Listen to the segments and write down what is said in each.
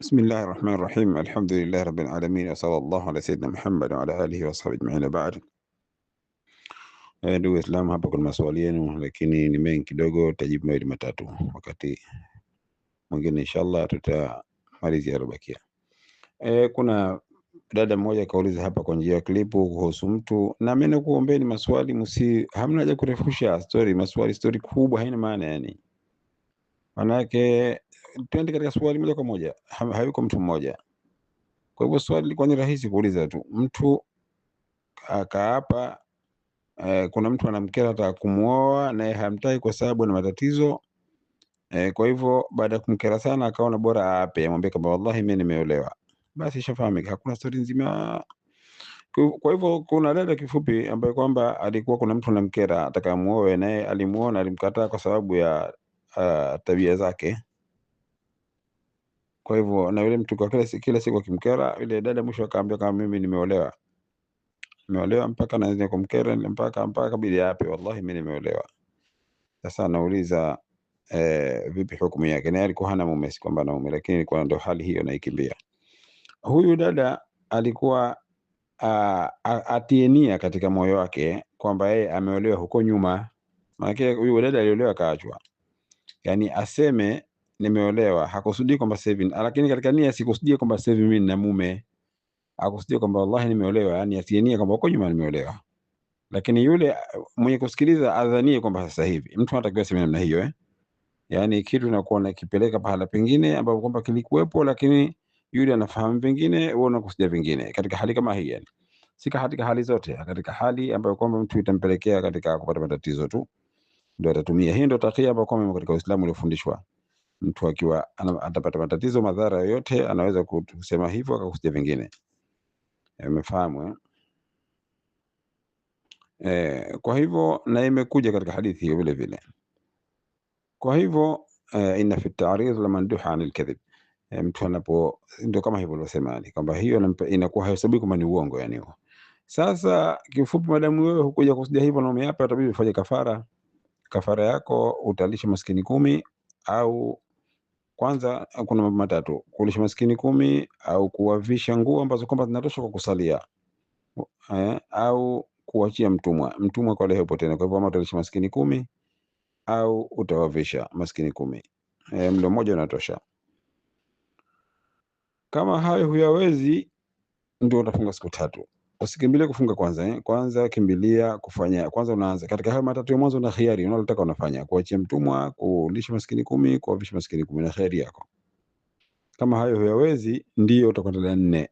Bismillahi rahmani rahim. Alhamdulillahi rabbil alamin wa sallallahu ala sayyidina Muhammad wa ala alihi wa sahbihi ajmain. Baad, eh, ndugu Waislamu, hapa kuna maswali yenu, lakini ni mengi kidogo, tajibu mawili matatu. Wakati mwingine inshallah tutamalizia yaliyobakia. E, eh, kuna dada mmoja kauliza hapa kwa njia ya klipu kuhusu mtu, na mimi nakuombeni maswali msi, hamna kurefusha story, maswali story kubwa haina maana yani, manake twende katika swali moja kwa moja, hayuko mtu mmoja. Kwa hivyo swali lilikuwa ni rahisi kuuliza tu, mtu akaapa eh, kuna mtu anamkera ataka kumuoa naye hamtaki kwa sababu na matatizo eh, kwa hivyo baada ya kumkera sana akaona bora aape, amwambie kwamba wallahi mimi nimeolewa, basi ishafahamika, hakuna stori nzima. Kwa hivyo kuna dada kifupi ambaye kwamba alikuwa kuna mtu anamkera atakamuoe, naye alimuona, alimkataa kwa sababu ya uh, tabia zake kwa hivyo na yule mtu kwa kila, kila siku akimkera ile dada, mwisho akaambia kama mimi nimeolewa, nimeolewa mpaka naanza kumkera mpaka mpaka bila yapi wallahi mimi nimeolewa. Sasa nauliza e, eh, vipi hukumu yake? Naye alikuwa hana mume, si kwamba na mume, lakini ilikuwa ndio hali hiyo naikimbia. Huyu dada alikuwa atienia katika moyo wake kwamba yeye ameolewa huko nyuma, maana yake huyu dada aliolewa akaachwa, yani aseme nimeolewa, hakusudii kwamba sasa hivi, lakini katika nia sikusudia kwamba sasa hivi mimi nina mume, hakusudii kwamba wallahi nimeolewa, yani asienie kwamba uko nyuma nimeolewa, lakini yule uh, mwenye kusikiliza adhanie kwamba sasa hivi. Mtu anatakiwa sema namna hiyo eh, yani kitu na kuona kipeleka pahala pengine ambapo kwamba kilikuwepo, lakini yule anafahamu pengine, wewe unakusudia pengine, katika hali kama hii yani si katika hali zote, katika hali ambayo kwamba mtu itampelekea katika kupata matatizo tu ndio atatumia. Hii ndio takia ambayo kwamba katika Uislamu uliofundishwa mtu akiwa atapata matatizo madhara yoyote, anaweza kusema hivyo akakusikia vingine. Umefahamu? E, kwa hivyo na imekuja katika hadithi hiyo vile vile. Kwa hivyo e, inna fi ta'rid la manduha anil kadhib e, mtu anapo ndio kama hivyo alivyosema, yani kwamba hiyo inakuwa haihesabii kama ni uongo yani huo. Sasa kifupi, madamu wewe hukuja kusudia hivyo na umeapa, itabidi ufanye kafara. Kafara yako utalisha maskini kumi au kwanza kuna mambo matatu: kulisha maskini kumi au kuwavisha nguo ambazo kwamba zinatosha kwa kusalia eh, au kuachia mtumwa. Mtumwa kwa leo tena. Kwa hivyo ama utalisha maskini kumi au utawavisha maskini kumi eh, mlo mmoja unatosha. Kama hayo huyawezi, ndio utafunga siku tatu usikimbilie kufunga kwanza eh? Kwanza kimbilia kufanya kwanza, unaanza katika hayo matatu ya mwanzo, na khiari unalotaka unafanya, kuachia mtumwa, kulisha maskini kumi, kuwavisha maskini kumi na khiari yako. Kama hayo huyawezi, ndio utakwenda la nne,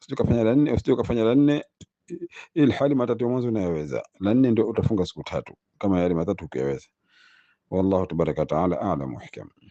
usije kufanya la nne, usije kufanya la nne, ili hali matatu ya mwanzo unayoweza. La nne ndio utafunga siku tatu, kama yale matatu ukiyaweza. Wallahu tabaraka taala a'lamu hikam.